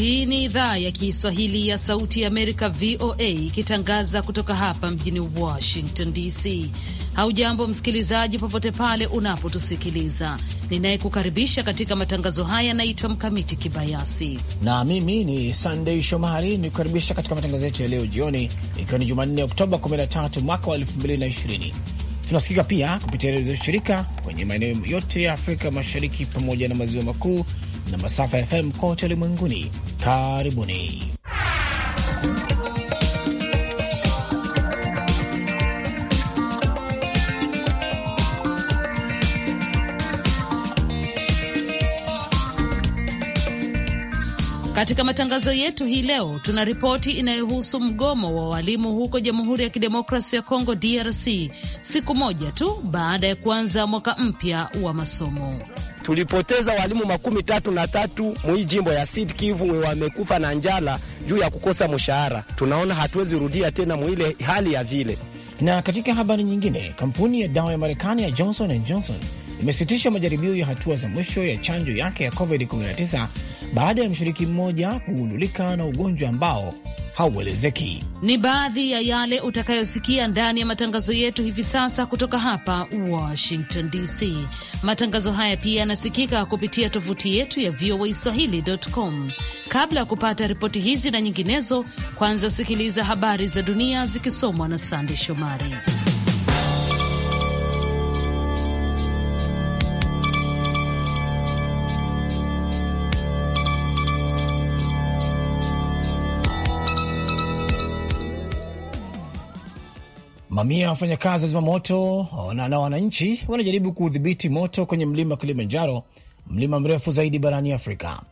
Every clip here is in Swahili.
Hii ni idhaa ya Kiswahili ya Sauti ya Amerika, VOA, ikitangaza kutoka hapa mjini Washington DC. Haujambo msikilizaji, popote pale unapotusikiliza. Ninayekukaribisha katika matangazo haya yanaitwa Mkamiti Kibayasi na mimi ni Sandei Shomari, ni kukaribisha katika matangazo yetu ya leo jioni, ikiwa ni Jumanne Oktoba 13 mwaka wa 2020. Tunasikika pia kupitia redio shirika kwenye maeneo yote ya Afrika Mashariki pamoja na Maziwa Makuu na masafa ya FM kote ulimwenguni. Karibuni katika matangazo yetu hii leo. Tuna ripoti inayohusu mgomo wa walimu huko Jamhuri ya Kidemokrasia ya Kongo, DRC, siku moja tu baada ya kuanza mwaka mpya wa masomo tulipoteza walimu makumi tatu na tatu mwii jimbo ya Sud Kivu wamekufa na njala juu ya kukosa mshahara. Tunaona hatuwezi rudia tena mwile hali ya vile. Na katika habari nyingine, kampuni ya dawa ya Marekani ya Johnson and Johnson imesitisha majaribio ya hatua za mwisho ya chanjo yake ya COVID-19 baada ya mshiriki mmoja kugundulika na ugonjwa ambao hauelezeki. Ni baadhi ya yale utakayosikia ndani ya matangazo yetu hivi sasa kutoka hapa Washington DC. Matangazo haya pia yanasikika kupitia tovuti yetu ya VOA Swahili.com. Kabla ya kupata ripoti hizi na nyinginezo, kwanza sikiliza habari za dunia zikisomwa na Sande Shomari. Mamia ya wafanyakazi wa zimamoto na wananchi wanajaribu kuudhibiti moto kwenye mlima Kilimanjaro, mlima mrefu zaidi barani Afrika.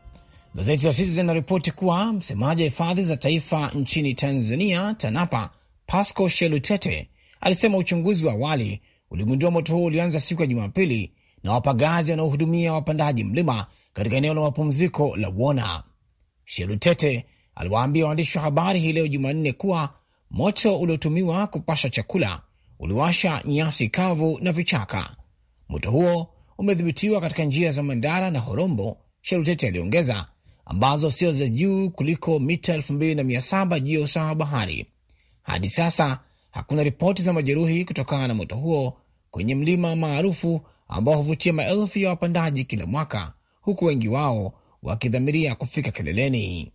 Gazeti la Citizen linaripoti kuwa msemaji wa hifadhi za taifa nchini Tanzania, TANAPA, Pasco Shelutete alisema uchunguzi wa awali uligundua moto huo ulianza siku ya Jumapili na wapagazi wanaohudumia wapandaji mlima katika eneo la mapumziko la Wona. Shelutete aliwaambia waandishi wa habari hii leo Jumanne kuwa Moto uliotumiwa kupasha chakula uliwasha nyasi kavu na vichaka. Moto huo umedhibitiwa katika njia za Mandara na Horombo, Sherutete aliongeza, ambazo sio za juu kuliko mita 2700 juu ya usawa wa bahari. Hadi sasa hakuna ripoti za majeruhi kutokana na moto huo kwenye mlima maarufu ambao huvutia maelfu ya wapandaji kila mwaka, huku wengi wao wakidhamiria kufika kileleni.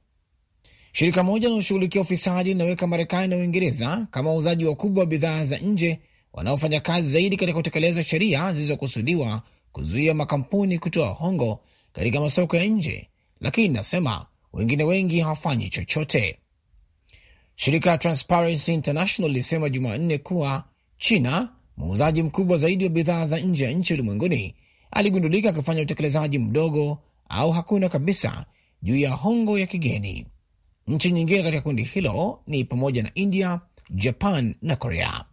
Shirika moja linaloshughulikia ufisadi linaweka Marekani na Uingereza kama wauzaji wakubwa wa bidhaa za nje wanaofanya kazi zaidi katika kutekeleza sheria zilizokusudiwa kuzuia makampuni kutoa hongo katika masoko ya nje, lakini inasema wengine wengi hawafanyi chochote. Shirika la Transparency International lilisema Jumanne kuwa China, muuzaji mkubwa zaidi wa bidhaa za nje ya nchi ulimwenguni, aligundulika akifanya utekelezaji mdogo au hakuna kabisa juu ya hongo ya kigeni. Nchi nyingine katika kundi hilo ni pamoja na India, Japan na Korea.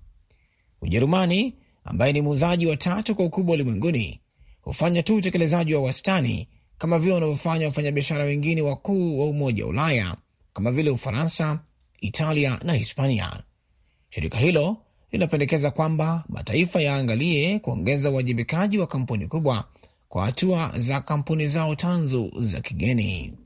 Ujerumani ambaye ni muuzaji wa tatu kwa ukubwa ulimwenguni hufanya tu utekelezaji wa wastani kama vile wanavyofanya wafanyabiashara wengine wakuu wa Umoja wa Ulaya kama vile Ufaransa, Italia na Hispania. Shirika hilo linapendekeza kwamba mataifa yaangalie kuongeza uwajibikaji wa kampuni kubwa kwa hatua za kampuni zao tanzu za kigeni.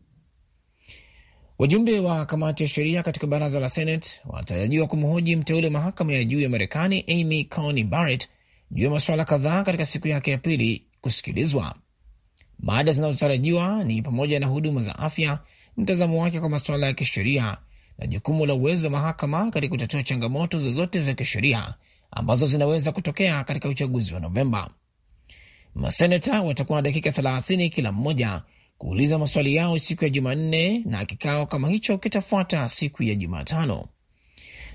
Wajumbe wa kamati ya sheria katika baraza la Senate wanatarajiwa kumhoji mteule mahakama ya juu ya Marekani Amy Coney Barrett juu ya masuala kadhaa katika siku yake ya pili kusikilizwa. Mada zinazotarajiwa ni pamoja na huduma za afya, mtazamo wake kwa masuala ya kisheria na jukumu la uwezo wa mahakama katika kutatua changamoto zozote za kisheria ambazo zinaweza kutokea katika uchaguzi wa Novemba. Maseneta watakuwa na dakika 30 kila mmoja kuuliza maswali yao siku ya Jumanne na kikao kama hicho kitafuata siku ya Jumatano.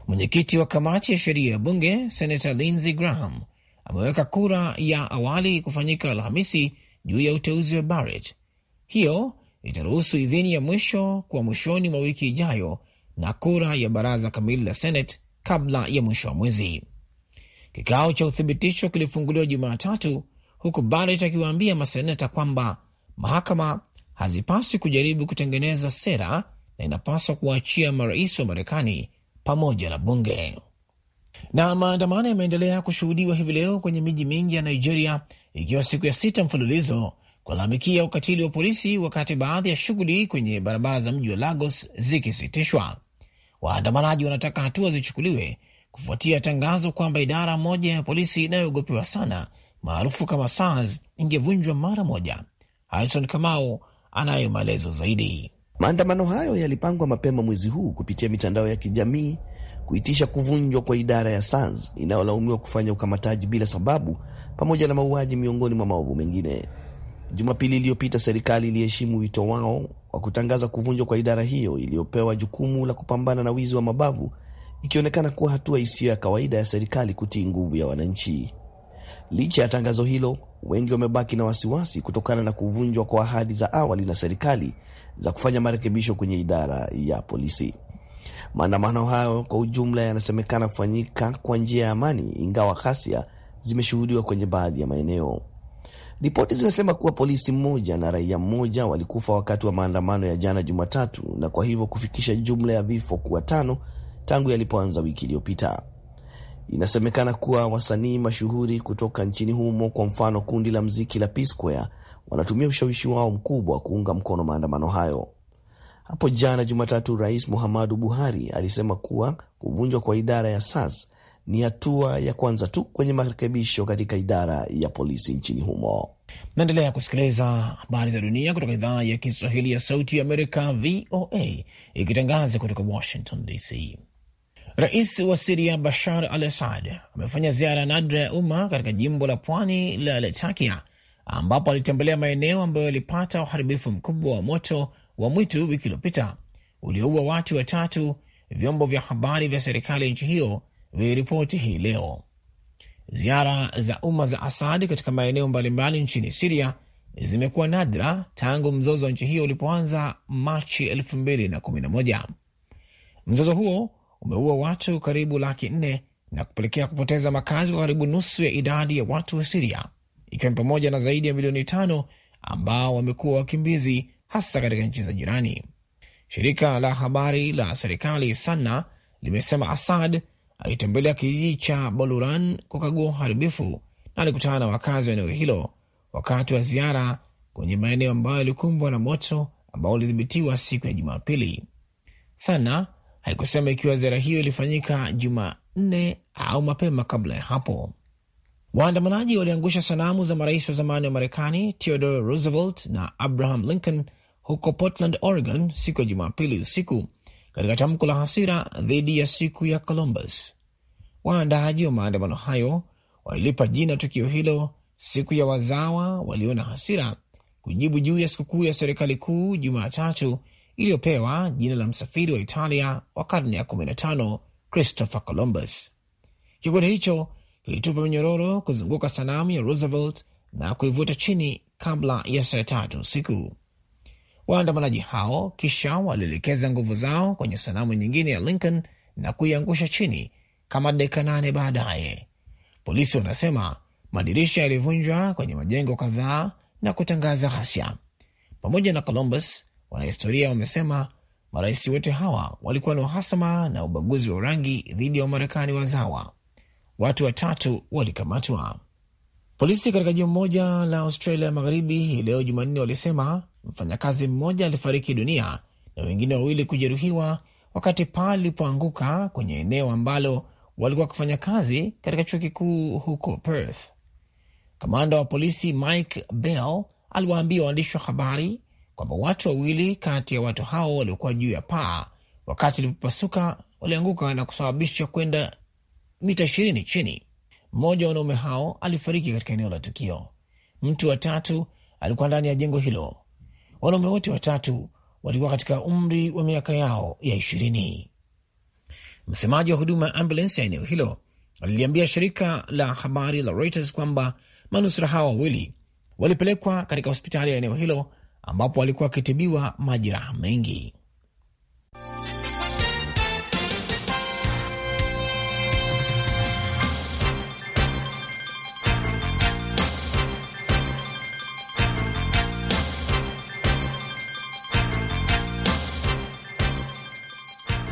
Mwenyekiti wa kamati ya sheria ya bunge Senata Lindsey Graham ameweka kura ya awali kufanyika Alhamisi juu ya uteuzi wa Barrett. Hiyo itaruhusu idhini ya mwisho kwa mwishoni mwa wiki ijayo na kura ya baraza kamili la Senate kabla ya mwisho wa mwezi. Kikao cha uthibitisho kilifunguliwa Jumatatu, huku Barrett akiwaambia maseneta kwamba mahakama hazipaswi kujaribu kutengeneza sera na inapaswa kuwaachia marais wa Marekani pamoja na bunge. Na maandamano yameendelea kushuhudiwa hivi leo kwenye miji mingi ya Nigeria, ikiwa siku ya sita mfululizo kulalamikia ukatili wa polisi, wakati baadhi ya shughuli kwenye barabara za mji wa Lagos zikisitishwa. Waandamanaji wanataka hatua zichukuliwe kufuatia tangazo kwamba idara moja ya polisi inayoogopewa sana maarufu kama SARS ingevunjwa mara moja. Harison Kamau anayo maelezo zaidi. Maandamano hayo yalipangwa mapema mwezi huu kupitia mitandao ya kijamii kuitisha kuvunjwa kwa idara ya SANS inayolaumiwa kufanya ukamataji bila sababu pamoja na mauaji miongoni mwa maovu mengine. Jumapili iliyopita serikali iliheshimu wito wao wa kutangaza kuvunjwa kwa idara hiyo iliyopewa jukumu la kupambana na wizi wa mabavu, ikionekana kuwa hatua isiyo ya kawaida ya serikali kutii nguvu ya wananchi. Licha ya tangazo hilo, wengi wamebaki na wasiwasi kutokana na kuvunjwa kwa ahadi za awali na serikali za kufanya marekebisho kwenye idara ya polisi. Maandamano hayo kwa ujumla yanasemekana kufanyika kwa njia ya amani, ingawa ghasia zimeshuhudiwa kwenye baadhi ya maeneo. Ripoti zinasema kuwa polisi mmoja na raia mmoja walikufa wakati wa maandamano ya jana Jumatatu, na kwa hivyo kufikisha jumla ya vifo kuwa tano tangu yalipoanza wiki iliyopita. Inasemekana kuwa wasanii mashuhuri kutoka nchini humo, kwa mfano kundi la mziki la P Square, wanatumia ushawishi wao mkubwa kuunga mkono maandamano hayo. Hapo jana Jumatatu, Rais Muhammadu Buhari alisema kuwa kuvunjwa kwa idara ya SAS ni hatua ya kwanza tu kwenye marekebisho katika idara ya polisi nchini humo. Naendelea kusikiliza habari za dunia kutoka idhaa ya Kiswahili ya Sauti ya Amerika, VOA, ikitangaza kutoka Washington DC. Rais wa Siria Bashar al Assad amefanya ziara nadra ya umma katika jimbo la pwani la Latakia, ambapo alitembelea maeneo ambayo yalipata uharibifu mkubwa wa moto wa mwitu wiki iliyopita ulioua watu watatu, vyombo vya habari vya serikali ya nchi hiyo viliripoti hii leo. Ziara za umma za Asad katika maeneo mbalimbali nchini Siria zimekuwa nadra tangu mzozo wa nchi hiyo ulipoanza Machi 2011. Mzozo huo umeua watu karibu laki nne na kupelekea kupoteza makazi kwa karibu nusu ya idadi ya watu wa Siria, ikiwa ni pamoja na zaidi ya milioni tano ambao wamekuwa wakimbizi hasa katika nchi za jirani. Shirika la habari la serikali SANA limesema Asad alitembelea kijiji cha Boluran kukagua uharibifu na alikutana na wakazi wa eneo hilo wakati wa ziara kwenye maeneo ambayo yalikumbwa na moto ambao ulidhibitiwa siku ya Jumapili. SANA haikusema ikiwa ziara hiyo ilifanyika Jumanne au mapema kabla ya hapo. Waandamanaji waliangusha sanamu za marais wa zamani wa Marekani Theodore Roosevelt na Abraham Lincoln huko Portland, Oregon siku ya Jumapili usiku katika tamko la hasira dhidi ya siku ya Columbus. Waandaaji wa maandamano hayo walilipa jina tukio hilo siku ya wazawa walio na hasira, kujibu juu ya sikukuu ya serikali kuu Jumatatu iliyopewa jina la msafiri wa Italia wa karne ya 15 Christopher Columbus. kikundi hicho kilitupa minyororo kuzunguka sanamu ya Roosevelt na kuivuta chini kabla ya saa tatu usiku. Waandamanaji hao kisha walielekeza nguvu zao kwenye sanamu nyingine ya Lincoln na kuiangusha chini kama dakika nane baadaye. Polisi wanasema madirisha yalivunjwa kwenye majengo kadhaa na kutangaza ghasia. Pamoja na Columbus, Wanahistoria wamesema marais wote hawa walikuwa na uhasama na ubaguzi wa rangi dhidi ya Wamarekani wazawa. Watu watatu walikamatwa. Polisi katika jimbo moja la Australia magharibi hii leo Jumanne walisema mfanyakazi mmoja alifariki dunia na wengine wawili kujeruhiwa wakati paa lilipoanguka kwenye eneo ambalo walikuwa wakifanya kazi katika chuo kikuu huko Perth. Kamanda wa polisi Mike Bell aliwaambia waandishi wa habari kwamba watu wawili kati ya watu hao waliokuwa juu ya paa wakati ilipopasuka walianguka na kusababisha kwenda mita ishirini chini. Mmoja wa wanaume hao alifariki katika eneo la tukio. Mtu wa tatu alikuwa ndani ya jengo hilo. Wanaume wote watatu walikuwa katika umri wa miaka yao ya ishirini. Msemaji wa huduma ya ambulensi ya eneo hilo aliliambia shirika la habari la Reuters kwamba manusura hao wawili walipelekwa katika hospitali ya eneo hilo ambapo alikuwa akitibiwa majeraha mengi.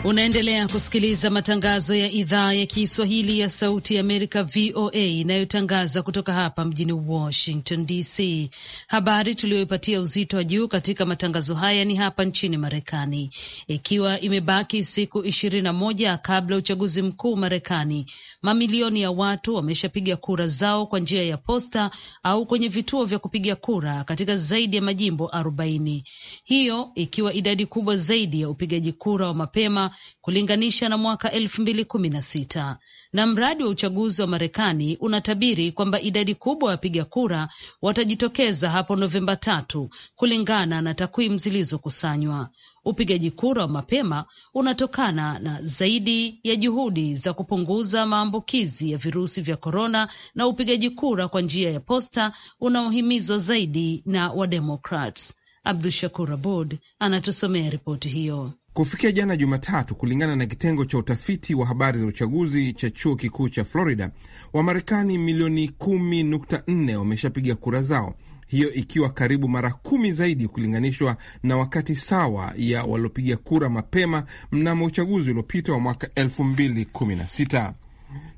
Unaendelea kusikiliza matangazo ya idhaa ya Kiswahili ya Sauti ya Amerika, VOA, inayotangaza kutoka hapa mjini Washington DC. Habari tuliyoipatia uzito wa juu katika matangazo haya ni hapa nchini Marekani, ikiwa imebaki siku ishirini na moja kabla ya uchaguzi mkuu Marekani. Mamilioni ya watu wameshapiga kura zao kwa njia ya posta au kwenye vituo vya kupiga kura katika zaidi ya majimbo arobaini, hiyo ikiwa idadi kubwa zaidi ya upigaji kura wa mapema kulinganisha na mwaka elfu mbili kumi na sita na mradi wa uchaguzi wa Marekani unatabiri kwamba idadi kubwa ya wapiga kura watajitokeza hapo Novemba tatu kulingana na takwimu zilizokusanywa. Upigaji kura wa mapema unatokana na zaidi ya juhudi za kupunguza maambukizi ya virusi vya korona na upigaji kura kwa njia ya posta unaohimizwa zaidi na Wademokrats. Abdu Shakur Abud anatusomea ripoti hiyo. Kufikia jana Jumatatu, kulingana na kitengo cha utafiti wa habari za uchaguzi cha chuo kikuu cha Florida, Wamarekani milioni 10.4 wameshapiga kura zao, hiyo ikiwa karibu mara kumi zaidi kulinganishwa na wakati sawa ya waliopiga kura mapema mnamo uchaguzi uliopita wa mwaka 2016.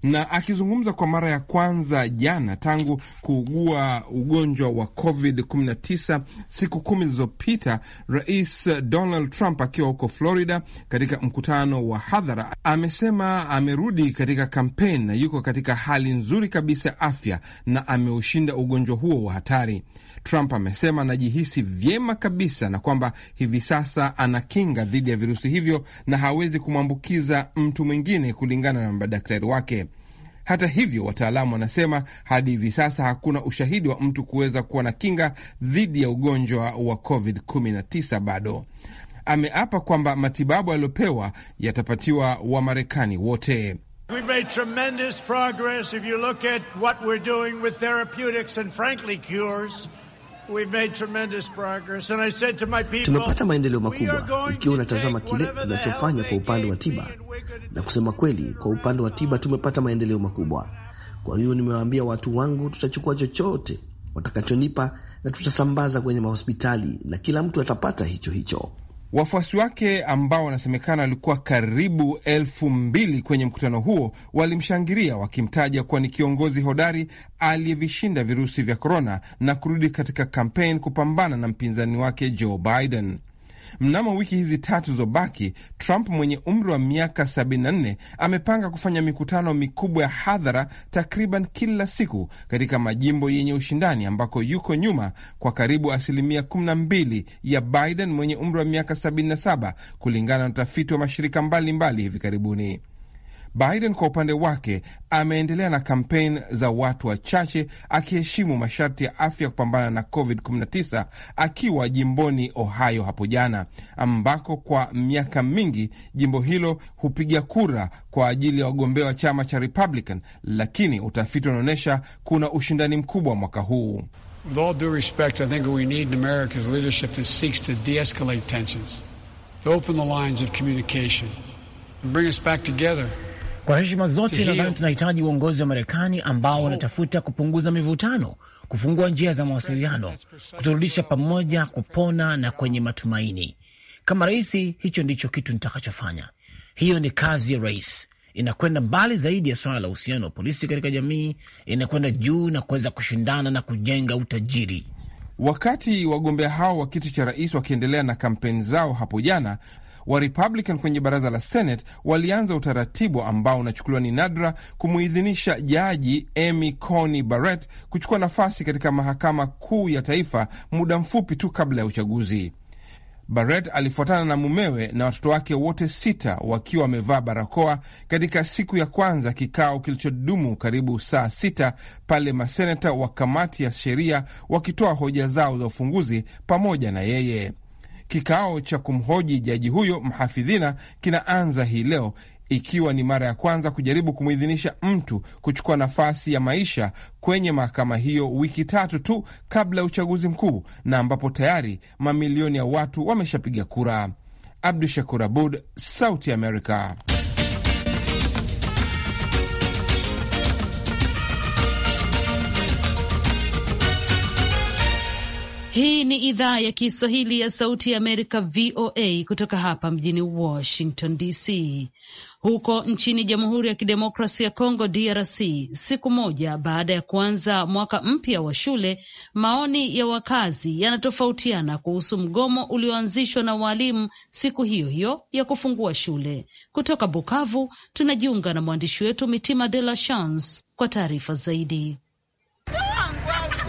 Na akizungumza kwa mara ya kwanza jana tangu kuugua ugonjwa wa COVID-19 siku kumi zilizopita, Rais Donald Trump akiwa huko Florida katika mkutano wa hadhara amesema amerudi katika kampeni na yuko katika hali nzuri kabisa ya afya na ameushinda ugonjwa huo wa hatari. Trump amesema anajihisi vyema kabisa na kwamba hivi sasa ana kinga dhidi ya virusi hivyo na hawezi kumwambukiza mtu mwingine, kulingana na madaktari wake. Hata hivyo, wataalamu wanasema hadi hivi sasa hakuna ushahidi wa mtu kuweza kuwa na kinga dhidi ya ugonjwa wa COVID-19 bado. Ameapa kwamba matibabu aliyopewa yatapatiwa Wamarekani wote. Tumepata maendeleo makubwa. Ikiwa unatazama kile tunachofanya kwa upande wa tiba, na kusema kweli, kwa upande wa tiba tumepata maendeleo makubwa. Kwa hiyo nimewaambia watu wangu, tutachukua chochote watakachonipa na tutasambaza kwenye mahospitali na kila mtu atapata hicho hicho. Wafuasi wake ambao wanasemekana walikuwa karibu elfu mbili kwenye mkutano huo walimshangilia wakimtaja kuwa ni kiongozi hodari aliyevishinda virusi vya korona na kurudi katika kampeni kupambana na mpinzani wake Joe Biden. Mnamo wiki hizi tatu zobaki, Trump mwenye umri wa miaka 74 amepanga kufanya mikutano mikubwa ya hadhara takriban kila siku katika majimbo yenye ushindani ambako yuko nyuma kwa karibu asilimia 12 ya Biden mwenye umri wa miaka 77 kulingana na utafiti wa mashirika mbalimbali hivi karibuni. Biden kwa upande wake ameendelea na kampeni za watu wachache, akiheshimu masharti ya afya kupambana na COVID-19 akiwa jimboni Ohio hapo jana, ambako kwa miaka mingi jimbo hilo hupiga kura kwa ajili ya wagombea wa chama cha Republican, lakini utafiti unaonyesha kuna ushindani mkubwa mwaka huu. With kwa heshima zote, nadhani tunahitaji uongozi wa Marekani ambao wanatafuta oh, kupunguza mivutano, kufungua njia za mawasiliano, kuturudisha pamoja, kupona na kwenye matumaini. Kama rais, hicho ndicho kitu nitakachofanya. Hiyo ni kazi ya rais, inakwenda mbali zaidi ya swala la uhusiano wa polisi katika jamii, inakwenda juu na kuweza kushindana na kujenga utajiri. Wakati wagombea hao wa kiti cha rais wakiendelea na kampeni zao hapo jana, wa Republican kwenye baraza la Senate walianza utaratibu ambao unachukuliwa ni nadra kumuidhinisha jaji Amy Coney Barrett kuchukua nafasi katika mahakama kuu ya taifa muda mfupi tu kabla ya uchaguzi. Barrett alifuatana na mumewe na watoto wake wote sita wakiwa wamevaa barakoa katika siku ya kwanza kikao kilichodumu karibu saa sita pale maseneta wa kamati ya sheria wakitoa hoja zao za ufunguzi pamoja na yeye. Kikao cha kumhoji jaji huyo mhafidhina kinaanza hii leo ikiwa ni mara ya kwanza kujaribu kumwidhinisha mtu kuchukua nafasi ya maisha kwenye mahakama hiyo wiki tatu tu kabla ya uchaguzi mkuu na ambapo tayari mamilioni ya watu wameshapiga kura. Abdu Shakur Abud, Sauti Amerika. Hii ni idhaa ya Kiswahili ya Sauti ya Amerika, VOA, kutoka hapa mjini Washington DC. Huko nchini Jamhuri ya Kidemokrasi ya congo DRC, siku moja baada ya kuanza mwaka mpya wa shule, maoni ya wakazi yanatofautiana kuhusu mgomo ulioanzishwa na waalimu siku hiyo hiyo ya kufungua shule. Kutoka Bukavu tunajiunga na mwandishi wetu Mitima De La Chance kwa taarifa zaidi.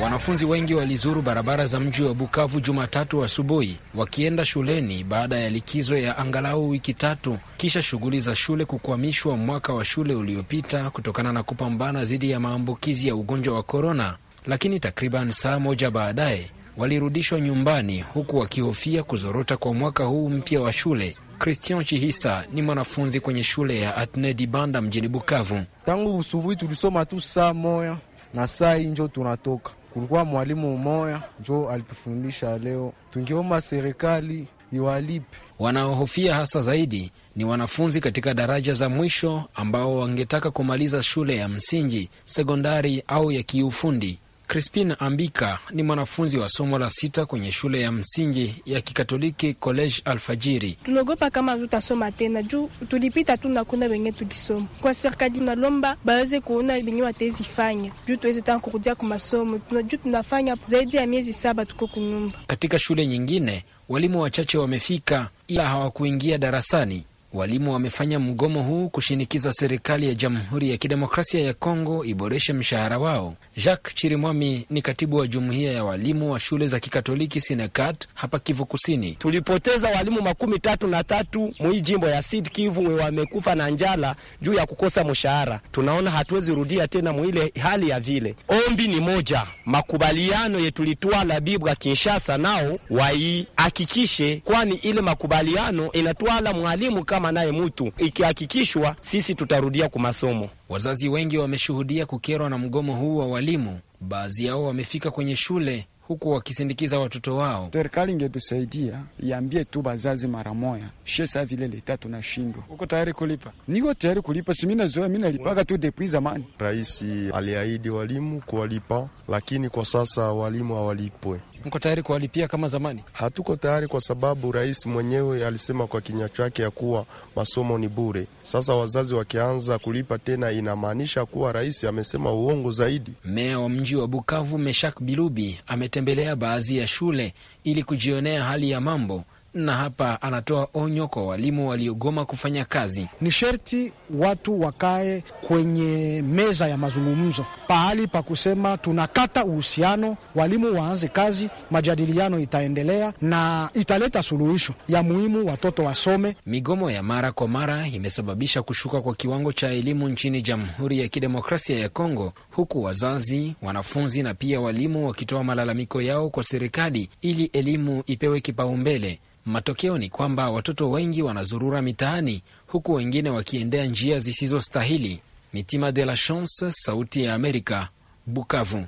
Wanafunzi wengi walizuru barabara za mji wa Bukavu Jumatatu asubuhi wa wakienda shuleni baada ya likizo ya angalau wiki tatu, kisha shughuli za shule kukwamishwa mwaka wa shule uliopita kutokana na kupambana dhidi ya maambukizi ya ugonjwa wa korona. Lakini takriban saa moja baadaye walirudishwa nyumbani, huku wakihofia kuzorota kwa mwaka huu mpya wa shule. Christian Chihisa ni mwanafunzi kwenye shule ya Atnedi Banda mjini Bukavu. Tangu usubuhi tulisoma tu saa moya na saa hii njo tunatoka kulikuwa mwalimu umoya njo alitufundisha leo. Tungeomba serikali iwalipe. Wanaohofia hasa zaidi ni wanafunzi katika daraja za mwisho ambao wangetaka kumaliza shule ya msingi, sekondari au ya kiufundi. Crispin Ambika ni mwanafunzi wa somo la sita kwenye shule ya msingi ya Kikatoliki College Alfajiri. Tunaogopa kama tutasoma tena juu tulipita tu na kuna wenye tulisoma. Kwa serikali tunalomba baweze kuona wenye fanya juu tuweze tena kurudia kwa masomo. juu tunafanya zaidi ya miezi saba tuko kunyumba. Katika shule nyingine walimu wachache wamefika, ila hawakuingia darasani. Walimu wamefanya mgomo huu kushinikiza serikali ya Jamhuri ya Kidemokrasia ya Kongo iboreshe mshahara wao. Jacques Chirimwami ni katibu wa jumuiya ya walimu wa shule za Kikatoliki Sinekat hapa Kivu Kusini. Tulipoteza walimu makumi tatu na tatu mwii jimbo ya Sid Kivu wamekufa na njala juu ya kukosa mshahara. Tunaona hatuwezi rudia tena mwile hali ya vile. Ombi ni moja, makubaliano yetulitwala Bibwa Kinshasa nao waihakikishe, kwani ile makubaliano inatwala mwalimu kama kama naye mtu ikihakikishwa, sisi tutarudia kwa masomo. Wazazi wengi wameshuhudia kukerwa na mgomo huu wa walimu, baadhi yao wamefika kwenye shule huku wakisindikiza watoto wao. Serikali ingetusaidia iambie tu bazazi mara moya, she saa vile leta tunashindwa. Uko tayari kulipa? Niko tayari kulipa, si minazoea, minalipaga tu depuis zamani. Rais aliahidi walimu kuwalipa, lakini kwa sasa walimu hawalipwe. Mko tayari kuwalipia kama zamani? Hatuko tayari kwa sababu rais mwenyewe alisema kwa kinywa chake ya kuwa masomo ni bure. Sasa wazazi wakianza kulipa tena, inamaanisha kuwa rais amesema uongo zaidi. Meya wa mji wa Bukavu Meshak Bilubi ametembelea baadhi ya shule ili kujionea hali ya mambo na hapa anatoa onyo kwa walimu waliogoma kufanya kazi. Ni sherti watu wakae kwenye meza ya mazungumzo, pahali pa kusema tunakata uhusiano, walimu waanze kazi, majadiliano itaendelea na italeta suluhisho ya muhimu, watoto wasome. Migomo ya mara kwa mara imesababisha kushuka kwa kiwango cha elimu nchini Jamhuri ya Kidemokrasia ya Kongo huku wazazi, wanafunzi na pia walimu wakitoa malalamiko yao kwa serikali ili elimu ipewe kipaumbele. Matokeo ni kwamba watoto wengi wanazurura mitaani huku wengine wakiendea njia zisizostahili. Mitima de la Chance, Sauti ya Amerika, Bukavu.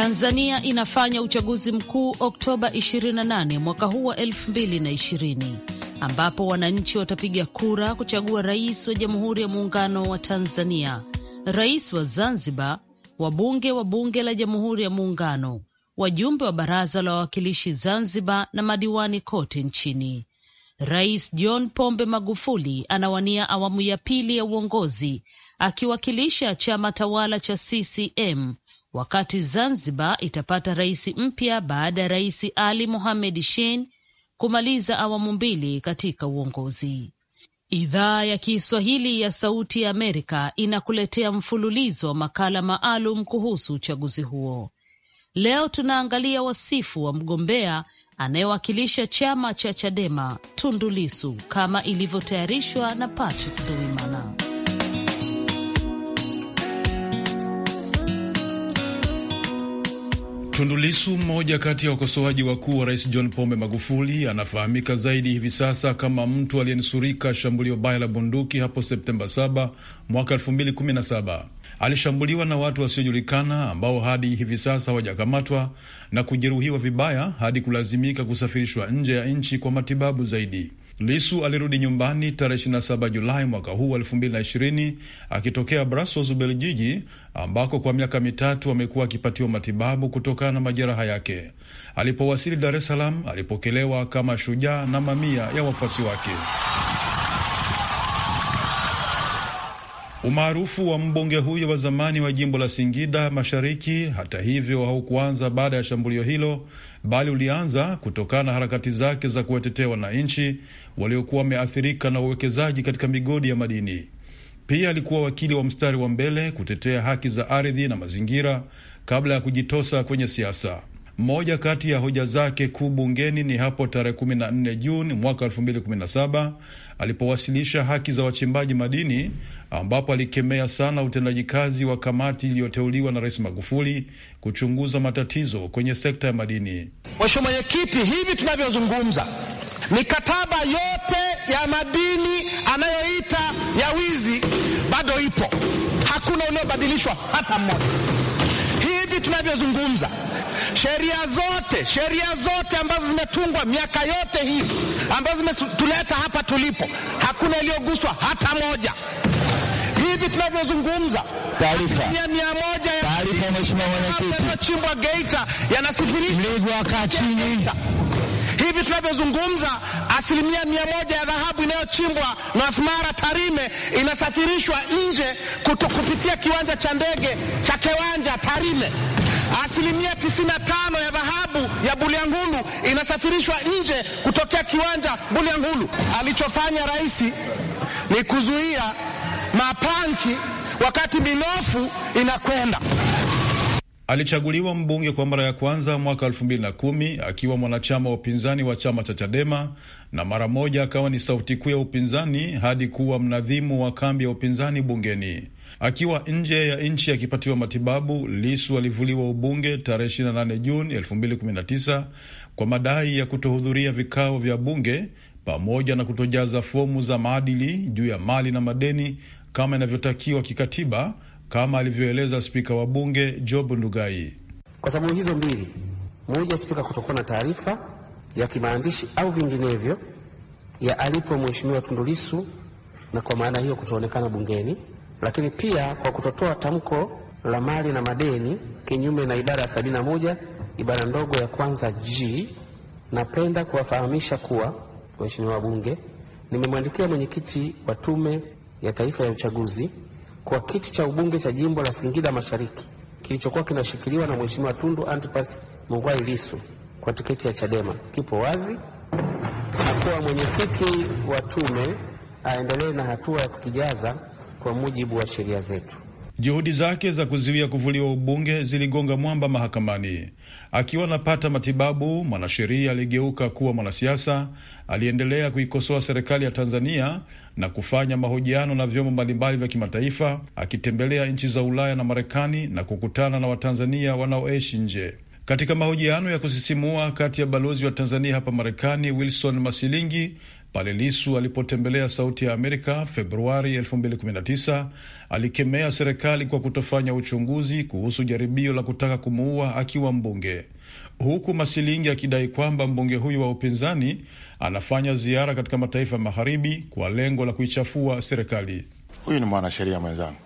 Tanzania inafanya uchaguzi mkuu Oktoba 28 mwaka huu wa 2020 ambapo wananchi watapiga kura kuchagua rais wa Jamhuri ya Muungano wa Tanzania, rais wa Zanzibar, wabunge wa Bunge la Jamhuri ya Muungano, wajumbe wa Baraza la Wawakilishi Zanzibar na madiwani kote nchini. Rais John Pombe Magufuli anawania awamu ya pili ya uongozi akiwakilisha chama tawala cha CCM wakati Zanzibar itapata rais mpya baada ya Rais Ali Mohamed Shein kumaliza awamu mbili katika uongozi. Idhaa ya Kiswahili ya Sauti ya Amerika inakuletea mfululizo wa makala maalum kuhusu uchaguzi huo. Leo tunaangalia wasifu wa mgombea anayewakilisha chama cha Chadema Tundu Lissu, kama ilivyotayarishwa na Patrick Duwimana. Tundulisu, mmoja kati ya wakosoaji wakuu wa rais John Pombe Magufuli, anafahamika zaidi hivi sasa kama mtu aliyenusurika shambulio baya la bunduki hapo Septemba 7 mwaka 2017. Alishambuliwa na watu wasiojulikana ambao hadi hivi sasa hawajakamatwa na kujeruhiwa vibaya hadi kulazimika kusafirishwa nje ya nchi kwa matibabu zaidi. Lisu alirudi nyumbani tarehe 27 Julai mwaka huu 2020 akitokea Brussels, Ubelgiji, ambako kwa miaka mitatu amekuwa akipatiwa matibabu kutokana na majeraha yake. Alipowasili Dar es Salaam alipokelewa kama shujaa na mamia ya wafuasi wake. Umaarufu wa mbunge huyo wa zamani wa jimbo la Singida Mashariki, hata hivyo, haukuanza baada ya shambulio hilo, bali ulianza kutokana na harakati zake za kuwatetea wananchi waliokuwa wameathirika na uwekezaji katika migodi ya madini. Pia alikuwa wakili wa mstari wa mbele kutetea haki za ardhi na mazingira kabla ya kujitosa kwenye siasa. Moja kati ya hoja zake kuu bungeni ni hapo tarehe 14 Juni mwaka 2017 alipowasilisha haki za wachimbaji madini, ambapo alikemea sana utendaji kazi wa kamati iliyoteuliwa na Rais Magufuli kuchunguza matatizo kwenye sekta ya madini. Mheshimiwa Mwenyekiti, hivi tunavyozungumza, mikataba yote ya madini anayoita ya wizi bado ipo, hakuna uliobadilishwa hata mmoja hivi tunavyozungumza, sheria zote sheria zote ambazo zimetungwa miaka yote hii ambazo zimetuleta hapa tulipo, hakuna iliyoguswa hata moja. Hivi tunavyozungumza asilimia mia moja yanachimbwa Geita yanasifirishwa Hivi tunavyozungumza, asilimia mia moja ya dhahabu inayochimbwa North Mara Tarime inasafirishwa nje kupitia kiwanja cha ndege cha Kiwanja Tarime. Asilimia 95 ya dhahabu ya Bulyanhulu inasafirishwa nje kutokea kiwanja Bulyanhulu. Alichofanya rais ni kuzuia mapanki wakati minofu inakwenda Alichaguliwa mbunge kwa mara ya kwanza mwaka elfu mbili na kumi akiwa mwanachama wa upinzani wa chama cha Chadema na mara moja akawa ni sauti kuu ya upinzani hadi kuwa mnadhimu wa kambi ya upinzani bungeni. Akiwa nje ya nchi akipatiwa matibabu, Lisu alivuliwa ubunge tarehe 28 Juni 2019 kwa madai ya kutohudhuria vikao vya bunge pamoja na kutojaza fomu za maadili juu ya mali na madeni kama inavyotakiwa kikatiba kama alivyoeleza spika wa bunge Job Ndugai. Kwa sababu hizo mbili, moja, spika kutokuwa na taarifa ya kimaandishi au vinginevyo ya alipo mheshimiwa Tundu Lissu na kwa maana hiyo kutoonekana bungeni, lakini pia kwa kutotoa tamko la mali na madeni kinyume na ibara ya sabini na moja ibara ndogo ya kwanza G. Napenda kuwafahamisha kuwa, waheshimiwa wabunge, nimemwandikia mwenyekiti wa Tume ya Taifa ya Uchaguzi kwa kiti cha ubunge cha jimbo la Singida Mashariki kilichokuwa kinashikiliwa na Mheshimiwa Tundu Antipas Mugwai lisu kwa tiketi ya Chadema kipo wazi, na kuwa mwenyekiti wa tume aendelee na hatua ya kukijaza kwa mujibu wa sheria zetu. Juhudi zake za kuzuia kuvuliwa ubunge ziligonga mwamba mahakamani. Akiwa anapata matibabu, mwanasheria aligeuka kuwa mwanasiasa. Aliendelea kuikosoa serikali ya Tanzania na kufanya mahojiano na vyombo mbalimbali vya kimataifa, akitembelea nchi za Ulaya na Marekani na kukutana na Watanzania wanaoishi nje. Katika mahojiano ya kusisimua kati ya balozi wa Tanzania hapa Marekani Wilson Masilingi pale Lisu alipotembelea Sauti ya Amerika Februari 2019 alikemea serikali kwa kutofanya uchunguzi kuhusu jaribio la kutaka kumuua akiwa mbunge huku Masilingi akidai kwamba mbunge huyu wa upinzani anafanya ziara katika mataifa ya magharibi kwa lengo la kuichafua serikali. Huyu ni mwanasheria mwenzangu,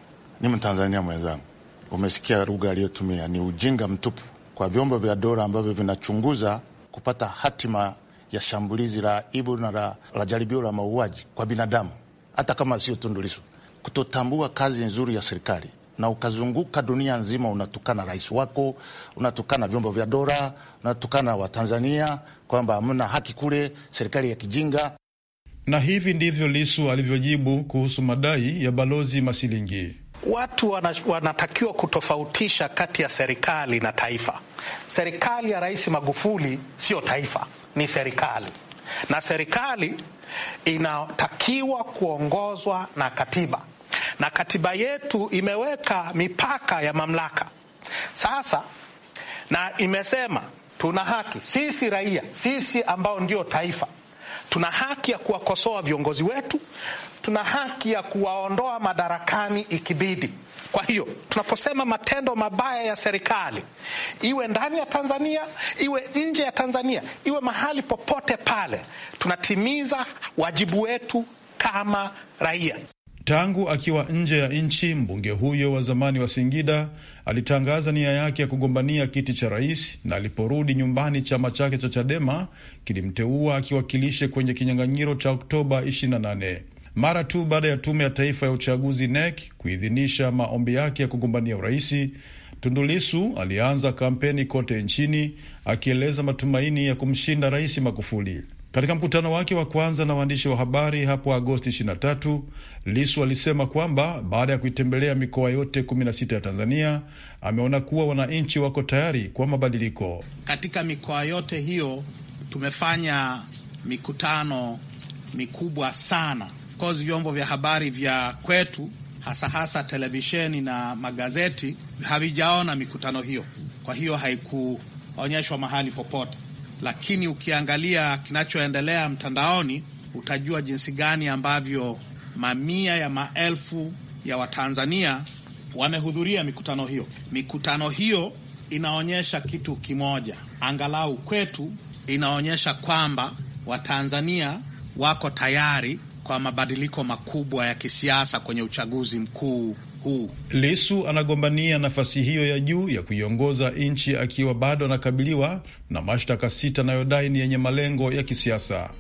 ni mtanzania mwenzangu. Umesikia lugha aliyotumia, ni ujinga mtupu kwa vyombo vya dola ambavyo vinachunguza kupata hatima ya shambulizi la ibu na la, la jaribio la mauaji kwa binadamu, hata kama sio Tundu Lissu, kutotambua kazi nzuri ya serikali na ukazunguka dunia nzima, unatukana rais wako, unatukana vyombo vya dola, unatukana Watanzania kwamba hamna haki kule, serikali ya kijinga. Na hivi ndivyo Lisu alivyojibu kuhusu madai ya balozi Masilingi. Watu wanatakiwa kutofautisha kati ya serikali na taifa. Serikali ya Rais Magufuli sio taifa, ni serikali, na serikali inatakiwa kuongozwa na katiba na katiba yetu imeweka mipaka ya mamlaka sasa, na imesema tuna haki sisi raia, sisi ambao ndio taifa, tuna haki ya kuwakosoa viongozi wetu, tuna haki ya kuwaondoa madarakani ikibidi. Kwa hiyo tunaposema matendo mabaya ya serikali, iwe ndani ya Tanzania, iwe nje ya Tanzania, iwe mahali popote pale, tunatimiza wajibu wetu kama raia. Tangu akiwa nje ya nchi, mbunge huyo wa zamani wa Singida alitangaza nia yake ya kugombania kiti cha rais, na aliporudi nyumbani, chama chake cha Chadema kilimteua akiwakilishe kwenye kinyang'anyiro cha Oktoba 28 mara tu baada ya Tume ya Taifa ya Uchaguzi NEC kuidhinisha maombi yake ya kugombania uraisi. Tundulisu alianza kampeni kote nchini akieleza matumaini ya kumshinda Rais Magufuli. Katika mkutano wake wa kwanza na waandishi wa habari hapo Agosti 23, Lisu alisema kwamba baada ya kuitembelea mikoa yote 16 ya Tanzania ameona kuwa wananchi wako tayari kwa mabadiliko. Katika mikoa yote hiyo tumefanya mikutano mikubwa sana kozi, vyombo vya habari vya kwetu hasa hasa televisheni na magazeti havijaona mikutano hiyo, kwa hiyo haikuonyeshwa mahali popote lakini ukiangalia kinachoendelea mtandaoni utajua jinsi gani ambavyo mamia ya maelfu ya Watanzania wamehudhuria mikutano hiyo. Mikutano hiyo inaonyesha kitu kimoja, angalau kwetu, inaonyesha kwamba Watanzania wako tayari kwa mabadiliko makubwa ya kisiasa kwenye uchaguzi mkuu mkuu. Lisu anagombania nafasi hiyo ya juu ya kuiongoza nchi akiwa bado anakabiliwa na mashtaka sita anayodai ni yenye malengo ya kisiasa.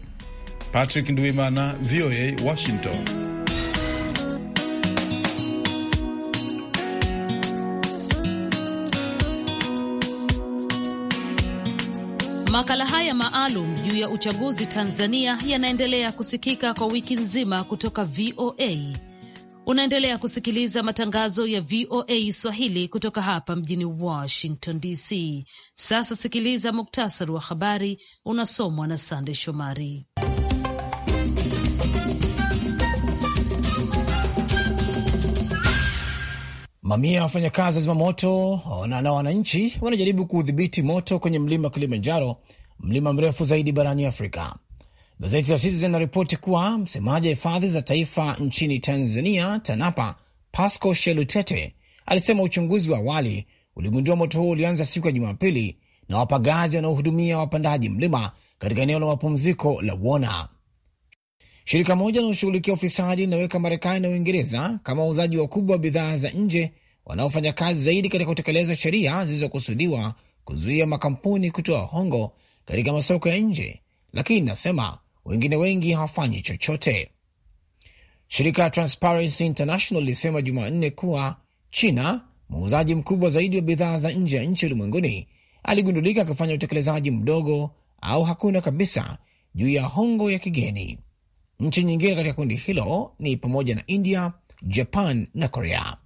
Patrick Ndwimana, VOA, Washington. Makala haya maalum juu ya uchaguzi Tanzania yanaendelea kusikika kwa wiki nzima kutoka VOA. Unaendelea kusikiliza matangazo ya VOA Swahili kutoka hapa mjini Washington DC. Sasa sikiliza muktasari wa habari unasomwa na Sande Shomari. Mamia ya wafanyakazi wa zimamoto na wananchi wanajaribu kuudhibiti moto kwenye mlima Kilimanjaro, mlima mrefu zaidi barani Afrika. Gazeti la Citizen zinaripoti kuwa msemaji wa hifadhi za taifa nchini Tanzania, TANAPA, Pasco Shelutete alisema uchunguzi wa awali uligundua moto huo ulianza siku ya Jumapili na wapagazi wanaohudumia wapandaji mlima katika eneo la mapumziko la Wona. Shirika moja linaloshughulikia ufisadi linaweka Marekani na Uingereza kama wauzaji wakubwa wa bidhaa za nje wanaofanya kazi zaidi katika kutekeleza sheria zilizokusudiwa kuzuia makampuni kutoa hongo katika masoko ya nje, lakini inasema wengine wengi hawafanyi chochote. Shirika la Transparency International lilisema Jumanne kuwa China, muuzaji mkubwa zaidi wa bidhaa za nje ya nchi ulimwenguni, aligundulika akifanya utekelezaji mdogo au hakuna kabisa juu ya hongo ya kigeni. Nchi nyingine katika kundi hilo ni pamoja na India, Japan na Korea.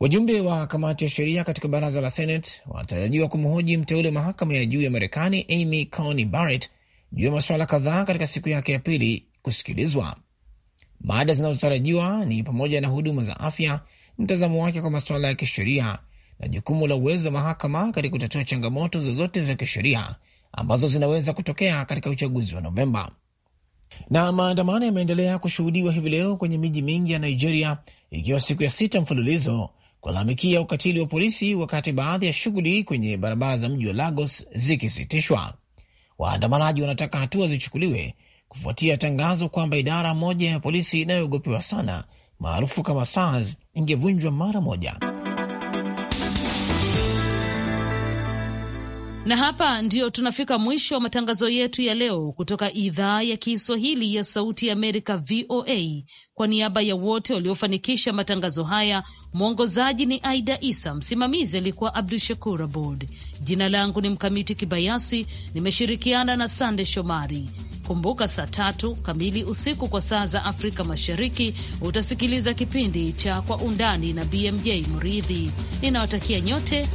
Wajumbe wa kamati ya sheria katika baraza la Senate wanatarajiwa kumhoji mteule mahakama ya juu ya Marekani Amy Coney Barrett juu ya masuala kadhaa katika siku yake ya pili kusikilizwa. Mada zinazotarajiwa ni pamoja na huduma za afya, mtazamo wake kwa masuala ya kisheria na jukumu la uwezo wa mahakama katika kutatua changamoto zozote za kisheria ambazo zinaweza kutokea katika uchaguzi wa Novemba. Na maandamano yameendelea kushuhudiwa hivi leo kwenye miji mingi ya Nigeria, ikiwa siku ya sita mfululizo kulalamikia ukatili wa polisi, wakati baadhi ya shughuli kwenye barabara za mji wa Lagos zikisitishwa. Waandamanaji wanataka hatua zichukuliwe kufuatia tangazo kwamba idara moja ya polisi inayoogopewa sana maarufu kama SARS ingevunjwa mara moja. Na hapa ndio tunafika mwisho wa matangazo yetu ya leo kutoka idhaa ya Kiswahili ya Sauti ya Amerika, VOA. Kwa niaba ya wote waliofanikisha matangazo haya, mwongozaji ni Aida Isa, msimamizi alikuwa Abdu Shakur Abod. Jina langu ni Mkamiti Kibayasi, nimeshirikiana na Sande Shomari. Kumbuka, saa tatu kamili usiku kwa saa za Afrika Mashariki utasikiliza kipindi cha Kwa Undani na BMJ mridhi Ninawatakia nyote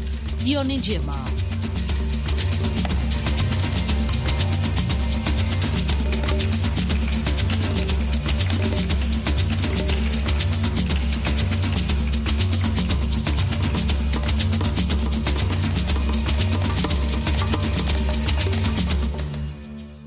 jioni njema.